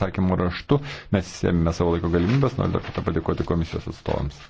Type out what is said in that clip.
atsakymų raštu. Mes sėmėme savo laiko galimybės, noriu dar kartą padėkoti komisijos atstovams.